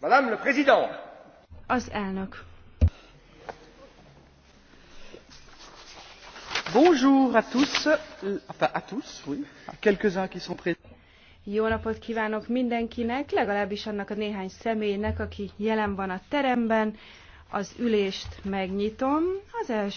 Madame le Président! Az elnök. Bonjour à tous, enfin à tous, oui, à quelques-uns qui sont présents. Jó napot kívánok mindenkinek, legalábbis annak a néhány személynek, aki jelen van a teremben. Az ülést megnyitom. Az első